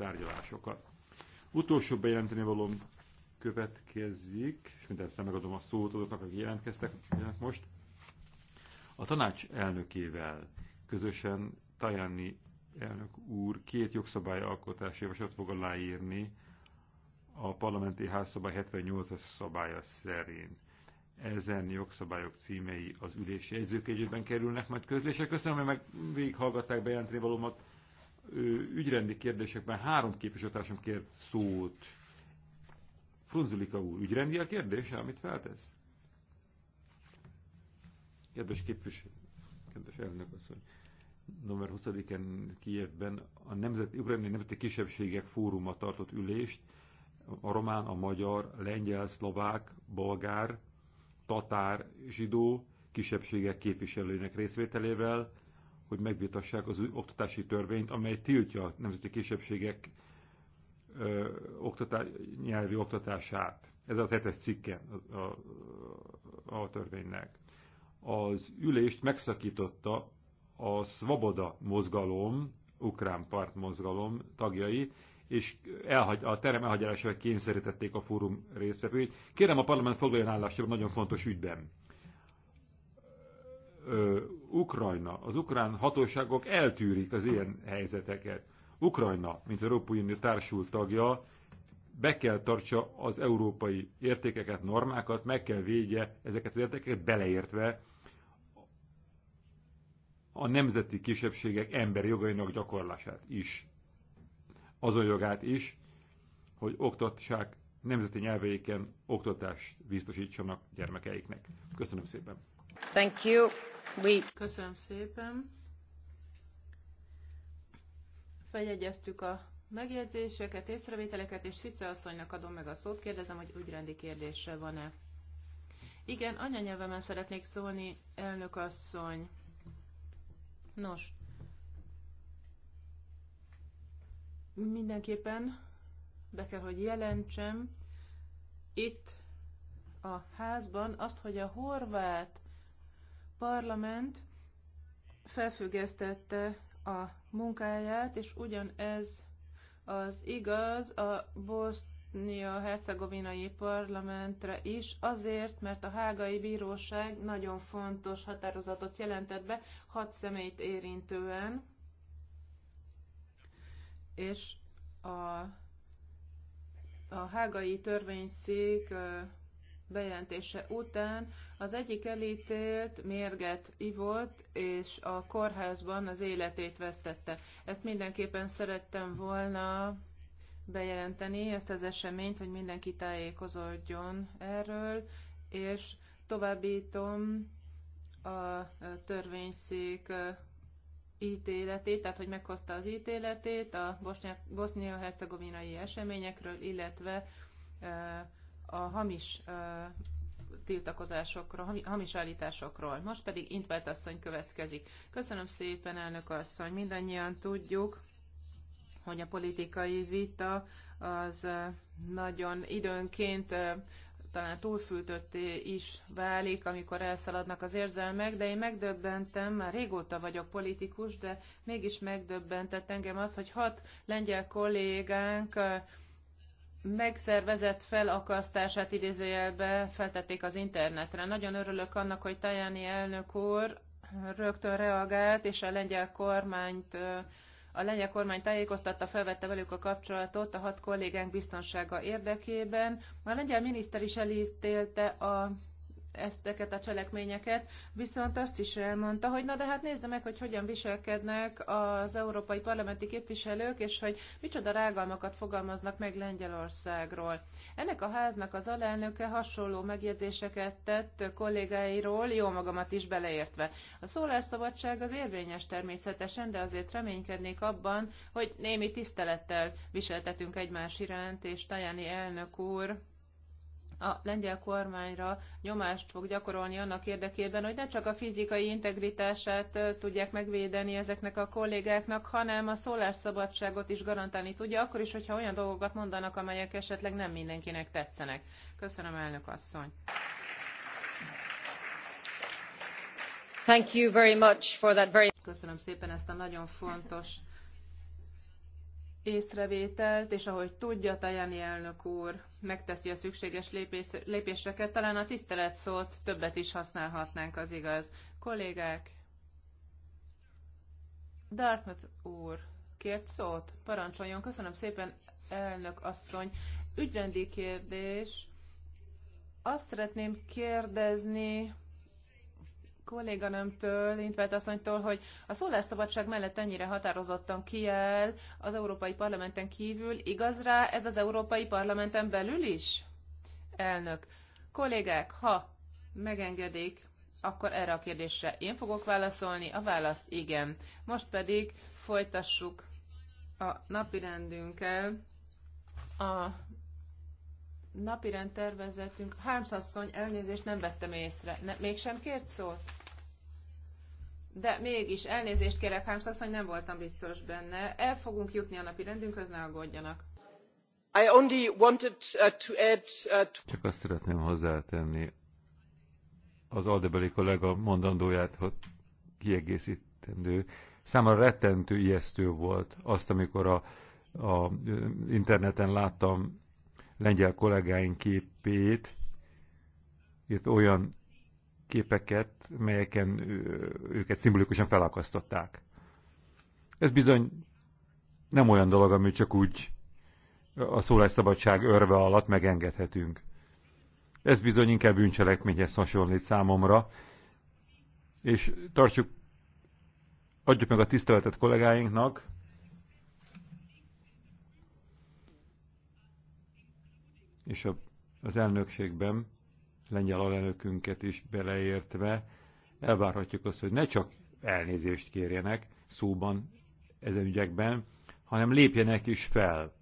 tárgyalásokat. Utolsó bejelenteni valóm következik, és minden megadom a szót azoknak, akik jelentkeztek most. A tanács elnökével közösen Tajani elnök úr két jogszabályalkotási javaslatot fog aláírni a parlamenti házszabály 78-as szabálya szerint. Ezen jogszabályok címei az ülési jegyzőkönyvben kerülnek majd közlésre. Köszönöm, hogy meg végighallgatták bejelenteni valómat ügyrendi kérdésekben három képviselőtársam kért szót. Frunzulika úr, ügyrendi a kérdése, amit feltesz? Kedves képviselő, kedves elnök asszony, november 20 en Kijevben a Nemzet, Ukrajnai Nemzeti Kisebbségek Fóruma tartott ülést, a román, a magyar, lengyel, szlovák, bolgár, tatár, zsidó kisebbségek képviselőinek részvételével, hogy megvitassák az új oktatási törvényt, amely tiltja a nemzeti kisebbségek ö, oktatá, nyelvi oktatását. Ez az hetes cikke a, a, a törvénynek. Az ülést megszakította a Svoboda mozgalom, ukrán part mozgalom tagjai, és elhagy, a terem elhagyásával kényszerítették a fórum részvevőit. Kérem a parlament foglaljon állást nagyon fontos ügyben. Ö, Ukrajna, az ukrán hatóságok eltűrik az ilyen helyzeteket. Ukrajna, mint Európai Unió társult tagja, be kell tartsa az európai értékeket, normákat, meg kell védje ezeket az értékeket, beleértve a nemzeti kisebbségek emberi jogainak gyakorlását is. Azon jogát is, hogy oktassák nemzeti nyelveiken oktatást biztosítsanak gyermekeiknek. Köszönöm szépen! Köszönöm szépen. Feljegyeztük a megjegyzéseket, észrevételeket, és Fice asszonynak adom meg a szót. Kérdezem, hogy ügyrendi kérdése van-e. Igen, anyanyelvemen szeretnék szólni, elnök asszony. Nos, mindenképpen be kell, hogy jelentsem itt a házban azt, hogy a horvát parlament felfüggesztette a munkáját, és ugyanez az igaz a bosznia-hercegovinai parlamentre is, azért, mert a hágai bíróság nagyon fontos határozatot jelentett be, hat személyt érintően, és a, a hágai törvényszék bejelentése után az egyik elítélt mérget ivott, és a kórházban az életét vesztette. Ezt mindenképpen szerettem volna bejelenteni, ezt az eseményt, hogy mindenki tájékozódjon erről, és továbbítom a törvényszék ítéletét, tehát hogy meghozta az ítéletét a bosnia hercegovinai eseményekről, illetve a hamis tiltakozásokról, hamis állításokról. Most pedig Intvelt asszony következik. Köszönöm szépen, elnök asszony. Mindannyian tudjuk, hogy a politikai vita az nagyon időnként talán túlfűtötté is válik, amikor elszaladnak az érzelmek, de én megdöbbentem, már régóta vagyok politikus, de mégis megdöbbentett engem az, hogy hat lengyel kollégánk megszervezett felakasztását idézőjelbe feltették az internetre. Nagyon örülök annak, hogy Tajani elnök úr rögtön reagált, és a lengyel kormányt a lengyel kormány tájékoztatta, felvette velük a kapcsolatot a hat kollégánk biztonsága érdekében. A lengyel miniszter is elítélte a ezteket a cselekményeket, viszont azt is elmondta, hogy na de hát nézze meg, hogy hogyan viselkednek az európai parlamenti képviselők, és hogy micsoda rágalmakat fogalmaznak meg Lengyelországról. Ennek a háznak az alelnöke hasonló megjegyzéseket tett kollégáiról, jó magamat is beleértve. A szólásszabadság az érvényes természetesen, de azért reménykednék abban, hogy némi tisztelettel viseltetünk egymás iránt, és Tajani elnök úr a lengyel kormányra nyomást fog gyakorolni annak érdekében, hogy ne csak a fizikai integritását tudják megvédeni ezeknek a kollégáknak, hanem a szólásszabadságot is garantálni tudja, akkor is, hogyha olyan dolgokat mondanak, amelyek esetleg nem mindenkinek tetszenek. Köszönöm, elnök asszony! Thank you very much for that very... Köszönöm szépen ezt a nagyon fontos észrevételt, és ahogy tudja, Tajani elnök úr megteszi a szükséges lépés, lépéseket, talán a tisztelet szót többet is használhatnánk, az igaz. Kollégák, Dartmouth úr kért szót, parancsoljon, köszönöm szépen, elnök asszony. Ügyrendi kérdés, azt szeretném kérdezni, kolléganőmtől, Intvelt asszonytól, hogy a szólásszabadság mellett ennyire határozottan kiáll az Európai Parlamenten kívül. Igaz rá ez az Európai Parlamenten belül is? Elnök. Kollégák, ha megengedik, akkor erre a kérdésre én fogok válaszolni. A válasz igen. Most pedig folytassuk a napirendünkkel a napirend tervezetünk. Harms asszony, elnézést nem vettem észre. Ne, mégsem kért szót? de mégis elnézést kérek, Harms hogy nem voltam biztos benne. El fogunk jutni a napi rendünkhöz, ne aggódjanak. I only wanted uh, to add, uh, to... Csak azt szeretném hozzátenni az aldebeli kollega mondandóját, hogy kiegészítendő. Számomra rettentő ijesztő volt azt, amikor a, a interneten láttam lengyel kollégáink képét, itt olyan képeket, melyeken őket szimbolikusan felakasztották. Ez bizony nem olyan dolog, amit csak úgy a szólásszabadság örve alatt megengedhetünk. Ez bizony inkább bűncselekményhez hasonlít számomra, és tartsuk, adjuk meg a tiszteletet kollégáinknak, és a, az elnökségben lengyel alelnökünket is beleértve, elvárhatjuk azt, hogy ne csak elnézést kérjenek szóban ezen ügyekben, hanem lépjenek is fel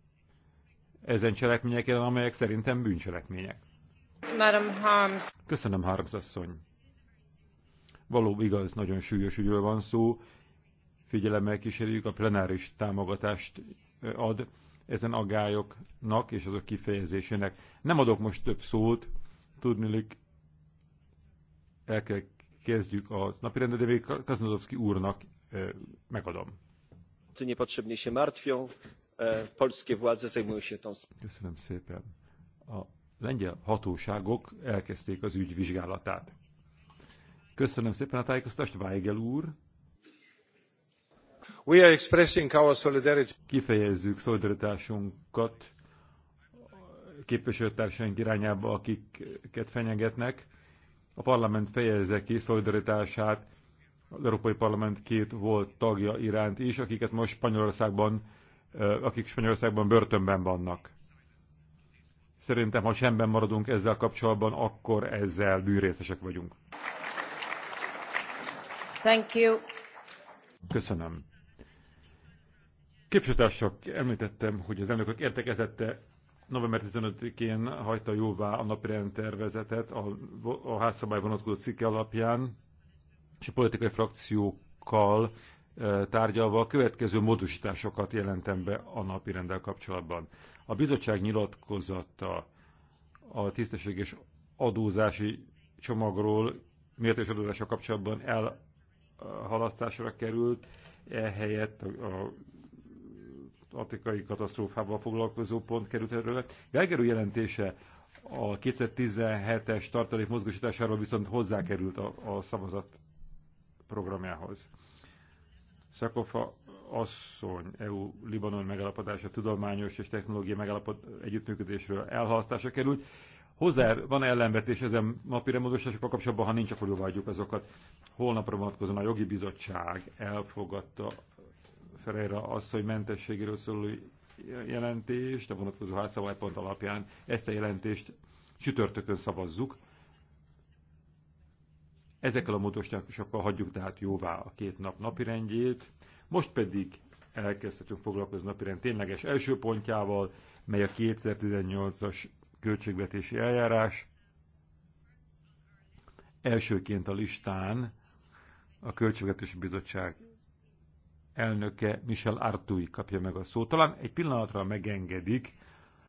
ezen cselekmények ellen, amelyek szerintem bűncselekmények. Harms. Köszönöm, Harms asszony. Valóban igaz, nagyon súlyos ügyről van szó. Figyelemmel kísérjük, a plenáris támogatást ad ezen agályoknak és azok kifejezésének. Nem adok most több szót, Tudnilik el kell kezdjük a rendet, de még Kaznodowski úrnak e, megadom. Niepotrzebnie się martwią, e, polskie władze zajmują się tą Köszönöm szépen. A lengyel hatóságok elkezdték az ügy vizsgálatát. Köszönöm szépen a tájékoztatást, Weigel úr. We are expressing our solidarity. Kifejezzük szolidaritásunkat képviselőtársaink irányába, akiket fenyegetnek. A parlament fejezze ki szolidaritását az Európai Parlament két volt tagja iránt is, akiket most Spanyolországban, akik Spanyolországban börtönben vannak. Szerintem, ha semben maradunk ezzel kapcsolatban, akkor ezzel bűrészesek vagyunk. Thank you. Köszönöm. Képviselőtársak, említettem, hogy az elnökök értekezette november 15-én hagyta jóvá a napi rendtervezetet a, a házszabály vonatkozó cikke alapján, és a politikai frakciókkal e, tárgyalva a következő módosításokat jelentem be a napi rendel kapcsolatban. A bizottság nyilatkozata a tisztességes adózási csomagról mértés adózása kapcsolatban elhalasztásra került, ehelyett a afrikai katasztrófával foglalkozó pont került erről. Geiger jelentése a 2017-es tartalék mozgósításáról viszont hozzákerült a, a szavazat programjához. Szakofa asszony EU-Libanon megállapodása tudományos és technológiai megalapod együttműködésről elhalasztása került. Hozzá van ellenvetés ezen napire módosításokkal kapcsolatban, ha nincs, akkor jóvágyjuk azokat. Holnapra vonatkozóan a jogi bizottság elfogadta Ferreira hogy mentességéről szóló jelentést, a vonatkozó házszabálypont alapján ezt a jelentést csütörtökön szavazzuk. Ezekkel a módosításokkal hagyjuk tehát jóvá a két nap napirendjét. Most pedig elkezdhetünk foglalkozni napirend tényleges első pontjával, mely a 2018-as költségvetési eljárás. Elsőként a listán a Költségvetési Bizottság elnöke Michel Artui kapja meg a szót. Talán egy pillanatra megengedik,